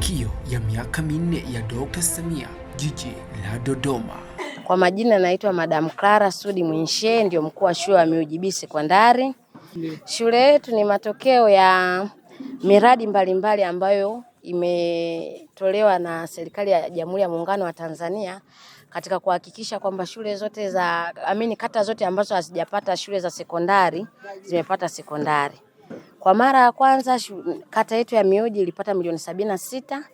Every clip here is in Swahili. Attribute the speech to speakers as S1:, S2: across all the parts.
S1: Mafanikio ya miaka minne ya Dr. Samia jiji la Dodoma.
S2: Kwa majina naitwa Madam Clara Sudi Mwinshe, ndio mkuu wa shule ya miujibi sekondari. Shule yetu ni matokeo ya miradi mbalimbali mbali ambayo imetolewa na serikali ya Jamhuri ya Muungano wa Tanzania katika kuhakikisha kwamba shule zote za amini, kata zote ambazo hazijapata shule za sekondari zimepata sekondari. Kwa mara ya kwanza kata yetu ya Mioji ilipata milioni sabini na sita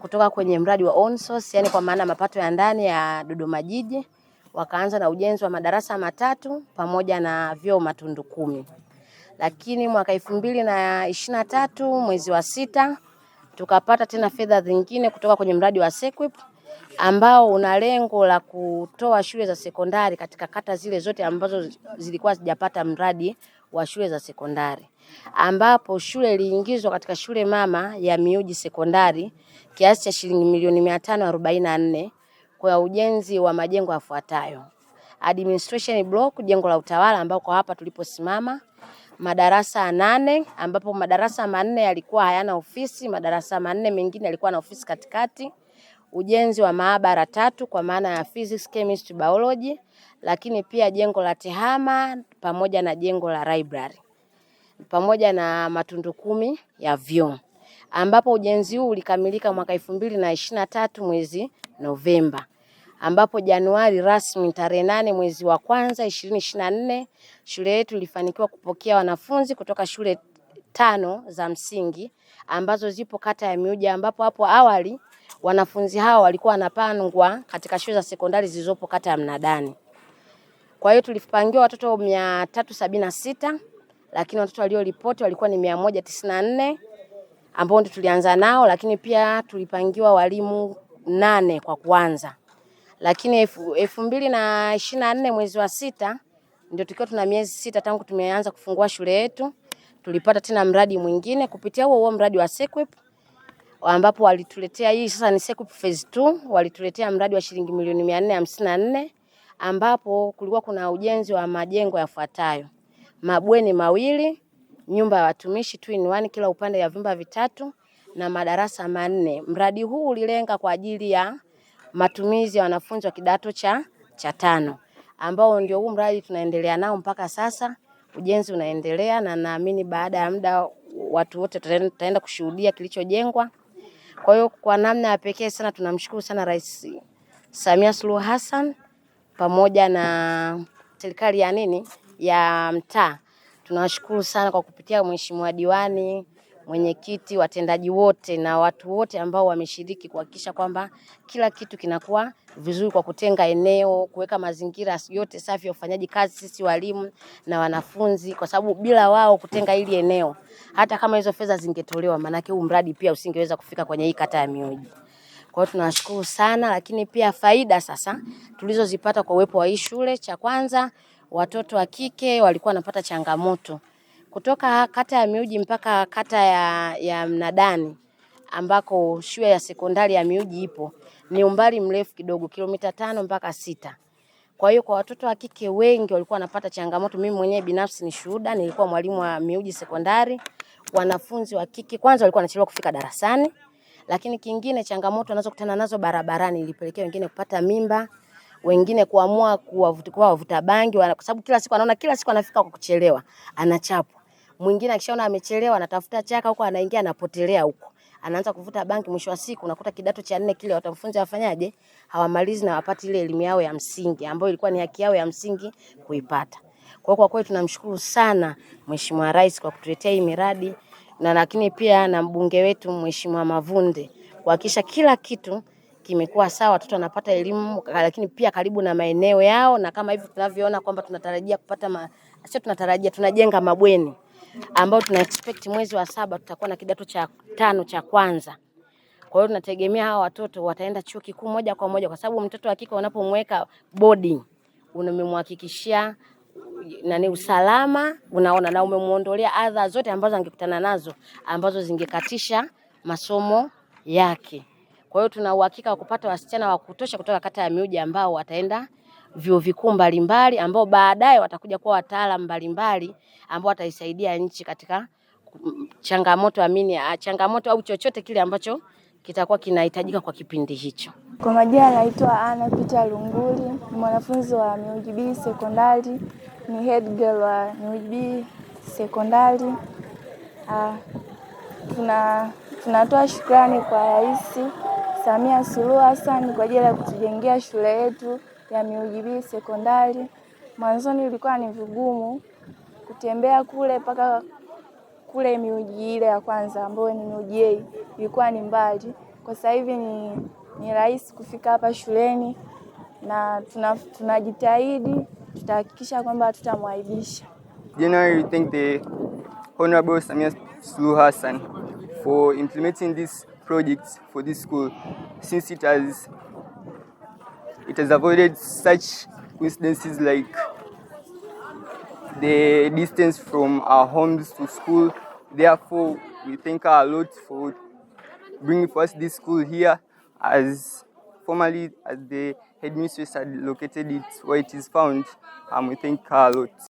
S2: kutoka kwenye mradi wa own source, yani kwa maana mapato ya ndani ya Dodoma Jiji. Wakaanza na ujenzi wa madarasa matatu pamoja na vyoo matundu kumi. Lakini mwaka elfu mbili na ishirini na tatu mwezi wa sita tukapata tena fedha zingine kutoka kwenye mradi wa SEQUIP ambao una lengo la kutoa shule za sekondari katika kata zile zote ambazo zilikuwa zijapata mradi wa shule za sekondari ambapo shule iliingizwa katika shule mama ya miuji Sekondari kiasi cha shilingi milioni mia nne kwa ujenzi wa majengo yafuatayo: administration block, jengo la utawala, ambako hapa tuliposimama, madarasa nane, ambapo madarasa manne yalikuwa hayana ofisi, madarasa manne mengine yalikuwa na ofisi katikati ujenzi wa maabara tatu kwa maana ya physics, chemistry, biology, lakini pia jengo la tehama pamoja na jengo la library pamoja na matundu kumi ya vyoo ambapo ujenzi huu ulikamilika mwaka elfu mbili na ishirini na tatu mwezi Novemba, ambapo Januari rasmi tarehe nane mwezi wa kwanza ishirini ishirini na nne shule yetu ilifanikiwa kupokea wanafunzi kutoka shule tano za msingi ambazo zipo kata ya Miuja, ambapo hapo awali wanafunzi hao walikuwa wanapangwa katika shule za sekondari zilizopo kata ya Mnadani. Kwa hiyo tulipangiwa watoto mia tatu sabini na sita lakini watoto walioripoti walikuwa ni mia moja tisini na nne ambao ndio tulianza nao, lakini pia tulipangiwa walimu nane kwa kwanza. lakini elfu mbili na ishirini na nne mwezi wa sita ndio tukiwa tuna miezi sita tangu tumeanza kufungua shule yetu tulipata tena mradi mwingine kupitia huo huo mradi wa SEQUIP ambapo walituletea hii sasa ni SEQUIP phase 2 walituletea mradi wa shilingi milioni 454 ambapo kulikuwa kuna ujenzi wa majengo yafuatayo: mabweni mawili, nyumba ya watumishi twin one, kila upande ya vyumba vitatu na madarasa manne. Mradi huu ulilenga kwa ajili ya matumizi ya wanafunzi wa kidato cha cha tano ambao ndio huu mradi tunaendelea nao mpaka sasa ujenzi unaendelea, na naamini baada ya muda watu wote tutaenda kushuhudia kilichojengwa. Kwa hiyo kwa namna ya pekee sana tunamshukuru sana Rais Samia Suluhu Hassan pamoja na serikali ya nini ya mtaa tunawashukuru sana kwa kupitia Mheshimiwa diwani mwenyekiti, watendaji wote na watu wote ambao wameshiriki kuhakikisha kwamba kila kitu kinakuwa vizuri kwa kutenga eneo, kuweka mazingira yote safi ya ufanyaji kazi sisi walimu na wanafunzi, kwa sababu bila wao kutenga hili eneo, hata kama hizo fedha zingetolewa, maanake huu mradi pia usingeweza kufika kwenye hii kata ya Mioji. Kwa hiyo tunashukuru sana, lakini pia faida sasa tulizozipata kwa uwepo wa hii shule, cha kwanza watoto wa kike walikuwa wanapata changamoto kutoka kata ya Miuji mpaka kata ya, ya Mnadani ambako shule ya sekondari ya Miuji ipo ni umbali mrefu kidogo, kilomita tano mpaka sita. Kwa hiyo kwa watoto wa kike wengi walikuwa wanapata changamoto. Mimi mwenyewe binafsi ni shuhuda, nilikuwa mwalimu wa Miuji sekondari. Wanafunzi wa kike kwanza walikuwa wanachelewa kufika darasani, lakini kingine changamoto wanazokutana nazo barabarani ilipelekea wengine kupata mimba, wengine kuamua kuwavuta bangi, kwa sababu kila siku anaona kila siku anafika kwa kuchelewa, anachapwa. Mwingine akishaona amechelewa anatafuta chaka huko anaingia anapotelea huko. Anaanza kuvuta banki. mwisho wa siku unakuta kidato cha nne kile watamfunza afanyaje, Hawamalizi na wapati ile elimu yao ya msingi ambayo ilikuwa ni haki yao ya msingi kuipata. Kwa kwa kweli tunamshukuru sana Mheshimiwa Rais kwa kutuletea hii miradi na lakini pia na mbunge wetu Mheshimiwa Mavunde kuhakikisha kila kitu kimekuwa sawa, watoto wanapata elimu lakini pia karibu na maeneo yao, na kama hivi tunavyoona kwamba tunatarajia kupata ma... sio tunatarajia, tunajenga mabweni ambao tuna expect mwezi wa saba tutakuwa na kidato cha tano cha kwanza. Kwa hiyo tunategemea hawa watoto wataenda chuo kikuu moja kwa moja, kwa sababu mtoto wa kike unapomweka boarding unamemhakikishia nani usalama, unaona, na umemuondolea adha zote ambazo angekutana nazo ambazo zingekatisha masomo yake. Kwa hiyo tuna uhakika wa kupata wasichana wa kutosha kutoka kata ya Miuji ambao wataenda vyuo vikuu mbalimbali ambao baadaye watakuja kuwa wataalamu mbalimbali ambao wataisaidia nchi katika mm, changamoto amini, ah, changamoto au chochote kile ambacho kitakuwa kinahitajika kwa kipindi hicho.
S3: Kwa majina naitwa Ana Peter Lunguli, ni mwanafunzi wa miujibi sekondari, ni head girl wa miujibi sekondari. Ah, tuna tunatoa shukrani kwa Rais Samia Suluhu Hassan kwa ajili ya kutujengea shule yetu ya miujibii sekondari. Mwanzoni ilikuwa ni vigumu kutembea kule mpaka kule miuji ile ya kwanza ambayo ni miuji A ilikuwa ni mbali. Kwa sasa hivi ni, ni rahisi kufika hapa shuleni na tunajitahidi tuna tutahakikisha kwamba tutamwaibisha.
S4: Generally, we thank the Honorable Samia Suluhu Hassan for implementing this project for this school since it has it has avoided such coincidences like the distance from our homes to school. Therefore, we thank her a lot for bringing us this school here, as formerly as the headmistress had located it where it is found, and we thank her a lot.